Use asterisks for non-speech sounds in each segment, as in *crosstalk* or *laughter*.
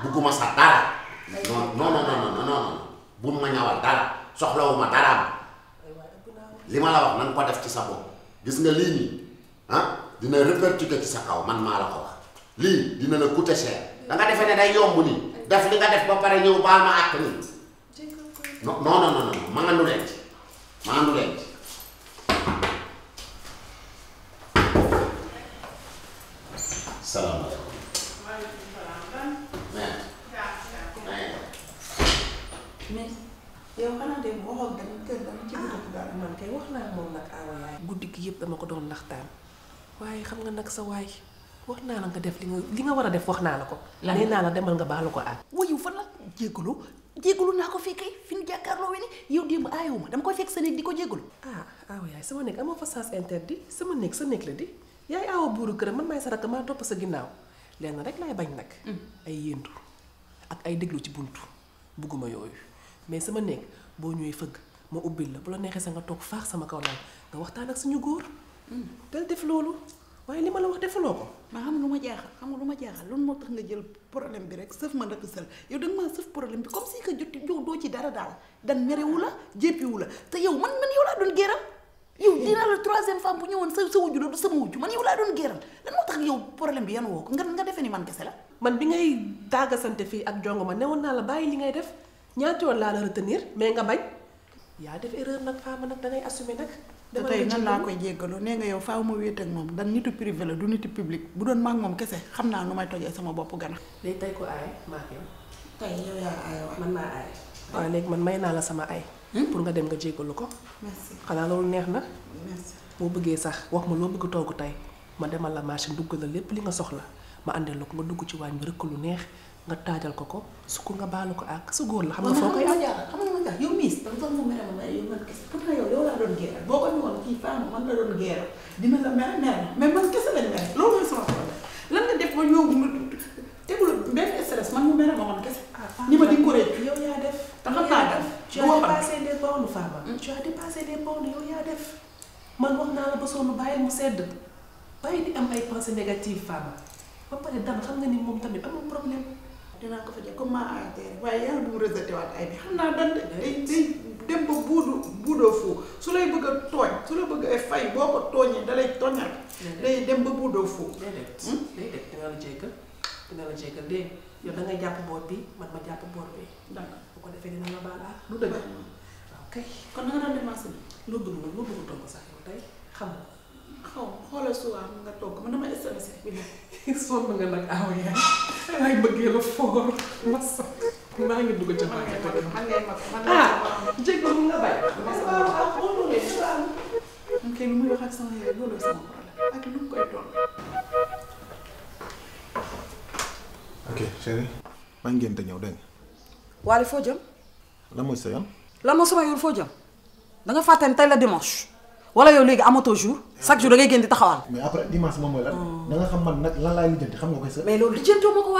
bugguma sa dara. non non non non non non buñ ma ñawal dara soxlawuma daraam li ma la wax nan ko def ci sa bopp gis nga lii nii ah dina répercuter ci sa kaw man maa la ko wax lii dina la coûter cher da nga defee ne day yomb nii def li nga def ba pare ñëw baal ma àq nii. non non non non ma nga nu leen ci ma nga nu leen ci salaamaaleykum yow xanaa dem waxoon dama kër dama ci ah. bëgg dara man kay wax naa moom nag awa ah, yaay guddi gi yëpp dama ko doon naxtaan waaye xam nga nag sa waay wax naa la nga def li nga li nga war a def wax naa la ko nee naa la demal nga baalu ko aat wayu fan la jégalu jégalu naa ko fii kay fi ñu jàkkaarloo wene yow démb aayow ma dama koy fekk sa néeg di ko jégalu ah awa ah, yaay sama néeg amoo fa sens interdit sama néeg sa néeg la di yaay aawa buuru këram man maay sa rakk maa topp sa ginnaaw lenn rek laay bañ nag mm. ay yéentu ak ay déglu ci buntu bugguma yooyu mais sama néeg boo ñëwee fëgg ma ubbil la bu la neexee sa nga toog faax sama kaw laal nga waxtaan ak suñu góor. Hmm. dal def loolu waaye li ma la wax defuloo ko. xam lu ma jaaxal xam lu ma jaaxal loolu moo tax nga jël problème bi ma naka sël yow da nga maa sëf problème bi comme si que jot doo ci dara daal dan merewu la jéppiwu la te yow man man yow laa doon géral. yow eh. dinaa la bu ñëwoon sa sa wujju la du sama wujju man yow laa doon géral lan moo tax yow problème bi yan woo ko nga nga defee ni man kese la. man bi ngay daagasante fii ak jongo ma newoon naa la bàyyi li ngay def. ñaata yoon laa la retenir mais nga bañ yaa def erreur nag faama nag dangay assumer nag. dama nan laa koy jéggaloo nee yow faaw ma wéet moom dan nitu privé la du nitu public bu doon maag moom kese xam naa nu may sama bopp gana léegi tey ko aay maag yow. léegi man may naa la sama ay. Hmm? pour nga dem nga jéggalu ko. merci xanaa loolu neex na. boo bëggee sax wax ma loo bëgg togg tey ma demal la marché dugg la lépp li nga soxla ma àndal ko nga dugg ci waañ bi rëkk lu neex nga taajal ko ko su ko nga baalu ko ak su góor la xam nga ma jaaxal ko ñu woon kii femme man la doon géeral dina la mere mere mais man kese lañ mere loolu mooy sama problème lan nga def ba ma man kese. Ah, ni ma di ko réccu yow yaa def. te xam naa def hmm? wax naa la ba sonn bàyyil mu sedd bàyyi di ay pensées négatives femme ba pare dama xam nga ni moom tamit amul problème. dinaa ko fa jël comme maa arrêté waaye yàlla bu mu rejeté waat ay bi xam naa dan day day dem ba buudu buudoo fuu su lay bëgga a tooñ su la bëgg fay boo ko tooñee da lay tooñal day dem ba buudoo fuu déedéet hmm? déedéet dina la jéggal dina la jéggal dégg bi man ma jàpp boor bi d'accord bu ko defee dina la baal ah. lu dëgg waaw ah, kay kon na nga daan démarché bi loo bëgg loo bëgg togg sax yow tey xam nga xaw xoolal suwaam nga togg man dama stressé bi nga là? Je ne la pas si je ngi là. Je Tu sais pas ah je suis là bay ne sais pas si je suis là? Je ne sama pas ok sais pas si je suis tu Je lan mooy suis là? lan ne sama pas si je da nga Je ne dimanche wala yow légui amato jour chaque jour da ngay gën di taxawal. mais après dimanche mom moy lan. Hmm. da nga xam man nak lan lay lijjanti xam nga koy sa. mais loolu lijjantoo mako ko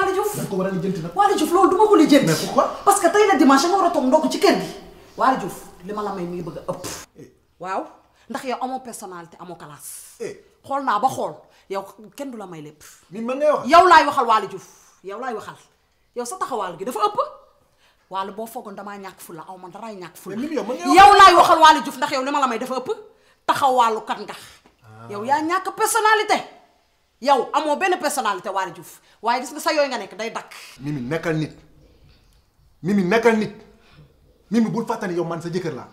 Waly da ko war a nak nag. Waly Diouf loolu du ko lijjanti. mais pourquoi. parce que tey la dimanche nga wara a toog ci kër gi. Waly Diouf li la may mi bëgg a ëpp. Eh. waaw ndax yow amo personnalité amo classe. Eh. xool na ba xool yow kenn du la may lépp. ni man ngay wax yow lay waxal Waly Diouf yow lay waxal yow sa taxawal gi dafa ëpp. bo boo foogoon ñak fu la aw man daraay ñàkk fula. yow lay waxal Waly Diouf ndax yow li la may dafa ëpp taxawaalukat ah. nga yow ya ñak personnalité yow amo personality personnalité wari juuf waaye gis nga sa yoy nga nek day dak mimi nekkal nit mimi nekkal nit mimi bul fatani yow man sa jëkkër laa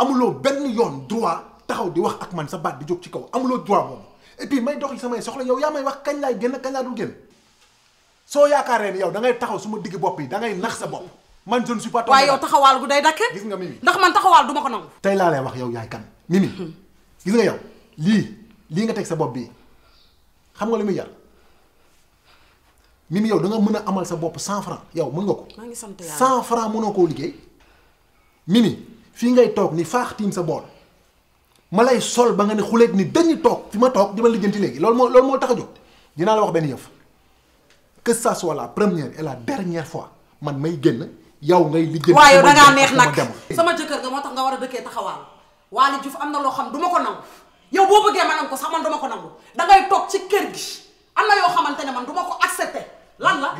amuloo ben yoon droit taxaw di wax ak man sa baat di jóg ci kaw amuloo droit mom et puis may doxi sama soxla yow ya may wax kañ lay genn kañ la du genn so ni yow da ngay taxaw suma digg bop yi da ngay nax sa bop man je ne suis pas. waaye yow taxawal gu day dak gis nga mimi ndax man taxawal duma ko nang tay la lay wax yow yaay kan mimi. Hmm gis nga yow lii lii nga teg sa bopp bi xam nga li muy jar mimi yow da nga mën a amal sa bopp 100 francs yow mën nga ko. 100 francs sant yàlla mënoo koo liggéey mimi fii ngay toog ni faax tiim sa bool ma lay sol ba nga ne xuleet ni dañu toog fi ma toog di ma lijjanti léegi loolu moo loolu moo tax a jóg dinaa la wax benn yëf que ça soit la première et la dernière fois man may génn yow ngay lijjanti. waaw da ngaa neex nag sama jëkkër nga moo tax nga war a dëkkee taxawaal wali juuf amna lo xam duma ko nangu yow bo beugé manam ko sax man duma ko nangu da ngay tok ci kër gi amna yo xamantene man duma ko accepté lan la.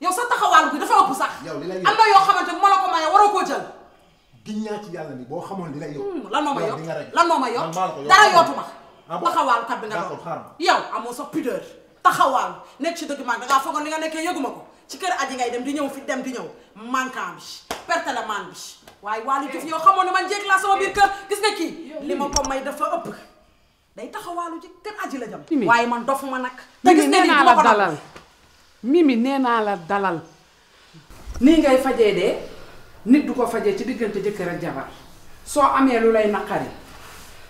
yow sa taxawal bi dafa upp sax. yow li yow la ko jël. giñ ci yalla ni bo xamone li hmm, yow. lan moma yow lan moma yow dara yotuma ah, taxawal kat bi nga doon yow amo sa pudeur. taxawal nek ci deug ma nga ngaa foogoon nga ko ci kër aji ngay dem di ñew fi dem di ñew mankam bi perte man bi waaye Waly Diouf yow xamoon man jéeg laa sama biir kër gis nga kii li ma ko may dafa ëpp day taxawaalu ci kër aji la jam waaye man dofu ma nag te gis nga nii dalal mimi nena naa la dalal nii ngay fajee de nit du ko fajee ci diggante jëkkër ak jabar soo amee lu lay naqari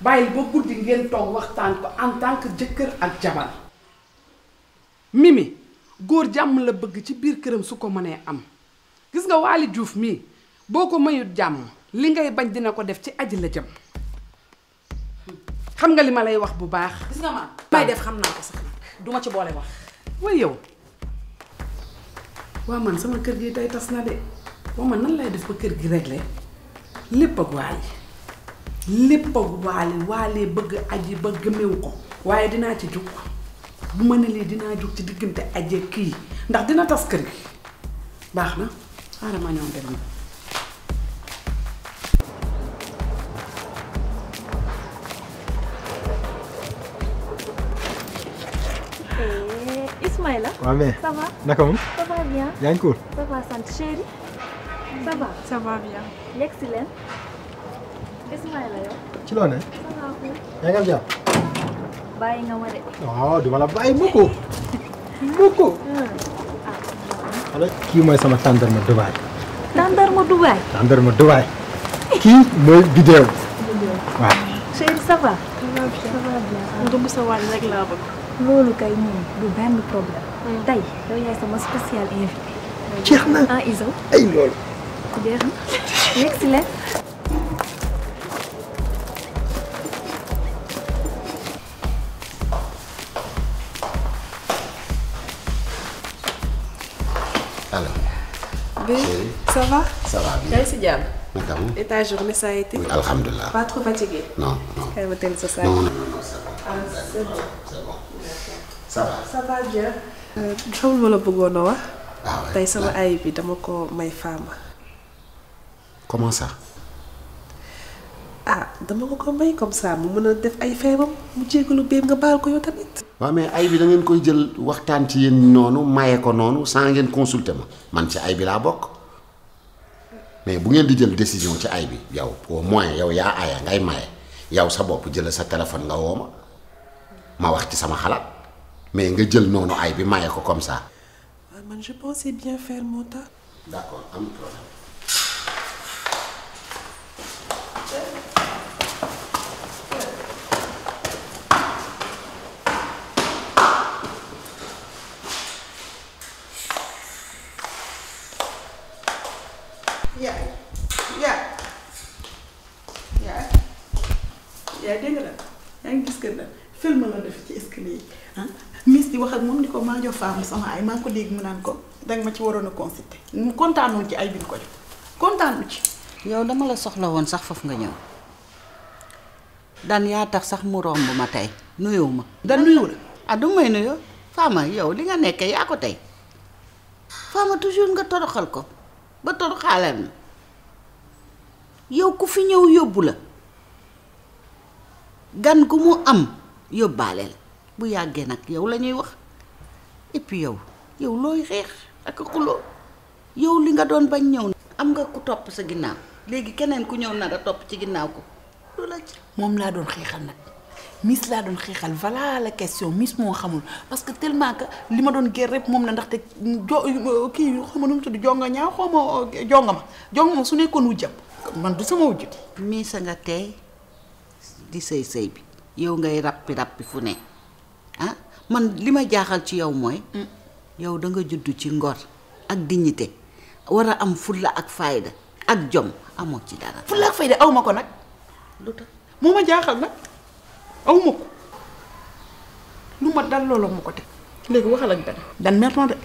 bàyyil ba guddi ngeen toog waxtaan ko en tant que jëkkër ak jabar mimi gur jam la bëgg ci biir këram su ko am gis nga wali Diouf mi boo ko mayut jàmm li ngay bañ dina ko def ci aji la jëm xam nga li ma lay wax bu baax. gis nga ma may def xam naa ko sax duma ci boole wax. waaye yow waa man sama kër gi tey tas na de waa man nan lay def ko kër gi réglé lépp ak waali lépp ak waali waalee ba gëmewu ko waaye dinaa ci jug bu ma ne lii dinaa jug ci diggante aje kii ndax dina tas kër gi baax na xaaral ma ñoom dem na Ndiaye la. waaw mais naka moom. ça va bien. yaa sant chéri. ça va ça va bien. yegg nga ma de. duma la bàyyi mukk. mukk. alors kii mooy sama tàndarma Dubaay. tàndarma Dubaay. tàndarma Dubaay. kii mooy vidéo. waaw. chéri ça va. ça va bien. loolu kay moom du benn problème. tey yow yaay sama spécial invité. jeex na ah Izo. ay loolu. jeex na yegg si leen. ça va Ça va bien. Merci Diam. Madame. Et ta journée, ça a été Oui, Alhamdulillah. Pas trop fatigué Non, non. Elle va Non, non, non, c'est va Ah, c'est bon. bon. Ça va Ça va bien. xam ma la bëggoon a wax. Ah tey sama ay bi dama ko may faama. comment ça. ah dama ko ko may comme ça mu mën a def ay feebam mu jégalu béem nga baal ko yow tamit. waaw mais ay bi da koy jël waxtaan ci yéen noonu maye ko noonu sans ngeen consulter ma man ci ay bi laa bokk mais bu ngeen di jël décision ci ay bi yow au moins yow yaa aaya ngay maye yow sa bopp jëla sa téléphone nga woo ma ma wax ci sama xalaat. mais nga jël ko comme ça. Ah, man je pensais bien faire Mota. tas. d'accord de problème. yeah, yeah, yeah, ce que je film la mis di wax ak mom ni ko jox sama ay mako deg mu nan ko dag ma ci warona consulter mu contane ci ay bin ko def contane ci. yow dama la soxla won sax fof nga ñew dan ya tax sax mu rombu ma tay nuyoo ma. dan nuyu la ah, may nuyoo Fama yow li nga nekk ya ko tay Fama toujours nga toroxal ko ba toroxalen yow ku fi ñew yobula gan gu am yóbbaale la. bu yàggee nag yow la ñuy wax et yow yow looy xeex ak xuloo yow li nga doon bañ ñëw. am nga ku topp sa ginnaaw léegi keneen ku ñëw nara topp ci ginnaaw ko loolu ci. moom laa doon xeexal nag Miss laa doon xeexal voilà la question Miss moo xamul parce que tellement li ma doon gér rek moom la ndax te kii xaw ma nu mu tudd jonga ñaaw xaw ma ma jonga ma su nekkoon wujjam man du sama wujjati. Miss nga tey di sëy sëy bi yow ngay ràppi ràppi fu ne. Ah, man li ma jaaxal ci yow mooy. Mm. yow danga juddu ci ngor ak dignité war a am fulla ak fayda ak jom amoo ci dara. fulla ak fayda aw ma ko nag. lu tax moo ma jaaxal nag aw ko lu ma dal looloo ma ko teg léegi waxal ak dan dan mer na de.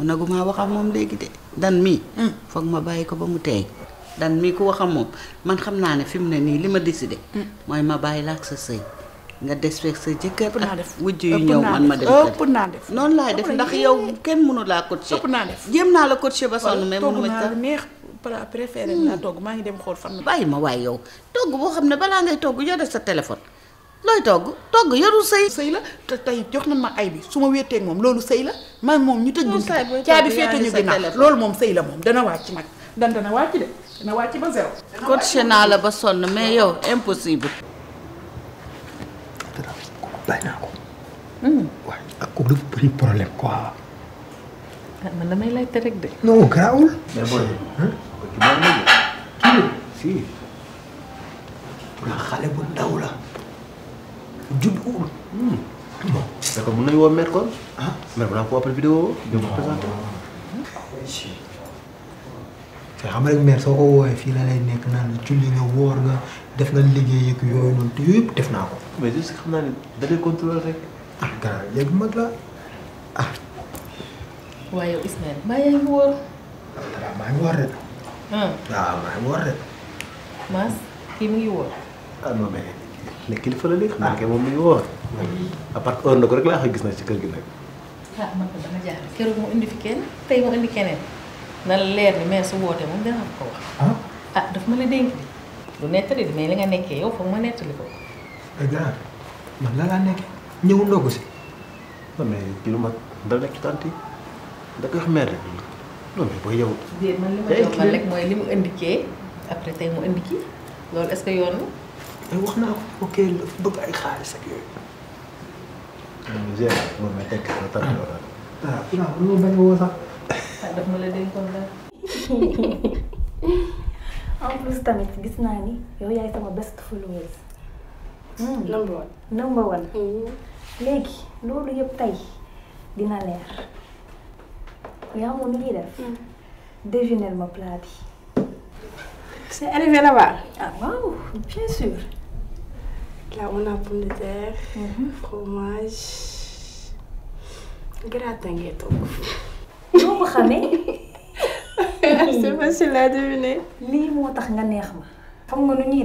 mun nagu maa wax ak moom léegi de dan mii. Mm. foog ma bàyyi ko ba mu teey dan mii ku wax moom man xam naa ne fi mu ne nii li ma décidé. Mm. mooy ma bàyyi la ak sa sëy. nga des fekk sa jëkkër ak wujj yu ñëw man ma dem ëpp naa def noonu laay def ndax yow kenn mënu laa coacher ëpp naa jéem naa la coacher ba sonn mais mënu hmm. maa ngi dem xool fan bàyyi ma waaye yow togg boo xam ne balaa ngay togg yore sa téléphone looy togg togg yorul sëy sëy la te tey jox nañ ma ay bi su ma wéeteeg moom loolu sëy la man moom ñu tëj bunt caabi féete ñu ginnaaw loolu moom sëy la moom dana wàcc nag dan dana wàcc de dana wàcc ba zéro naa la ba sonn mais yow impossible bàyyi naa ko. waaw hmm. ak kooku dafa bëri problème quoi. ah man damay laajte rek de. non garaawul. mais booy kii xale bu ndaw la. judduwul. Hmm. bon d' accord woo mère kon. ah ko appel vidéo bi ah. xam rek mère soo ko woowee fii la lay nekk naan julli nga woor nga def nga liggéey ak yooyu noonu te yëpp def naa ko. mais juste xam da lay contrôler rek. ah gannaaw léegi mu ngi wóor. ah non mais xam naa moom mi ngi wóor. à na ko rek gis ci kër gi nag. ah man ko dama jaar keroog mu indi fi kenn tey mu indi na leer ma la dénk bi. du nettali mais li nga nekkee yow foog ma nettali ko. grand man la laa nekkee ñëw ndogu si. non mais di lu mag dal nekk ci tànti da koy wax mère rek non mais booy yow. déedéet man li ma yombal rek mooy li mu indiqué après tey mu indi kii loolu est-ce que yoon na. wax naa ko ok bëgg ay xaalis ak yooyu. moom jéem a moom ay tekki la tànn loolu la. ah non loolu bañ a woo sax. ah daf ma la dénkoon dara. en plus tamit gis naa ni yow yaay sama best followers. Mm. number one number one mm-hmm. léegi loolu yëpp tey dina leer yaa moom li ñuy def mm. ma plat c'est arrivé là-bas ah bien sûr là on a pomme de terre mm-hmm. fromage gratin ghetto. togg on va xamee *laughs* c'est facile à deviner lii moo tax nga ma xam nga nu ñuy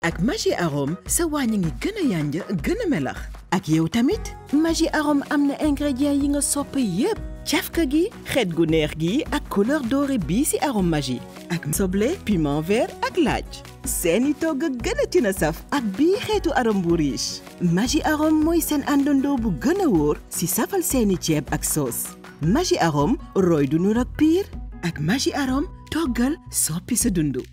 ak Maggi arôme sa waañ ngi gën a yànja gën a melax ak yow tamit Maggi arôme am na ingrédients yi nga sopp yépp cafka gi xeet gu neex gi ak couleur dorée bii ci arôme Maggi ak soble piment vert ak laaj seeni togg gën a tina saf ak bii xeetu arôme bu riche Maggi arôme mooy seen àndandoo bu gën a wóor ci safal seeni ceeb ak soos Maggi arôme roy du nur ak piir ak Maggi arôme toggal soppi sa dundu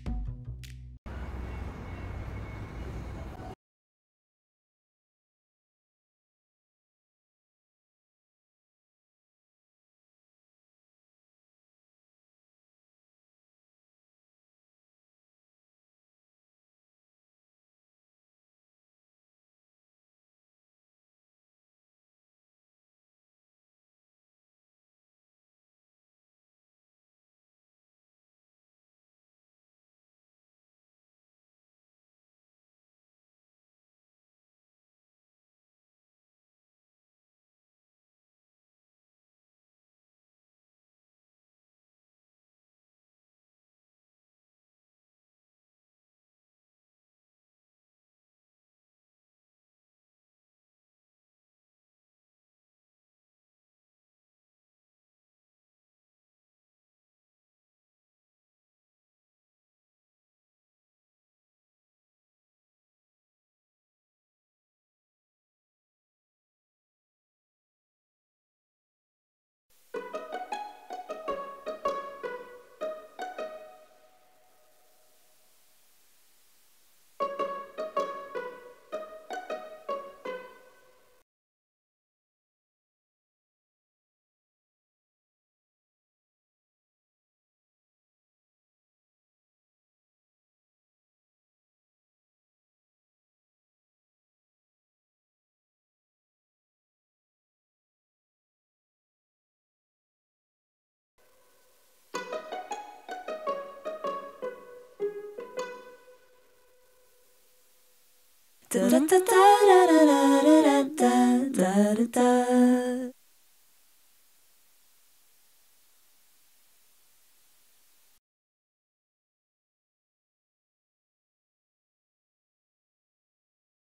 Da da da da da da da da da da da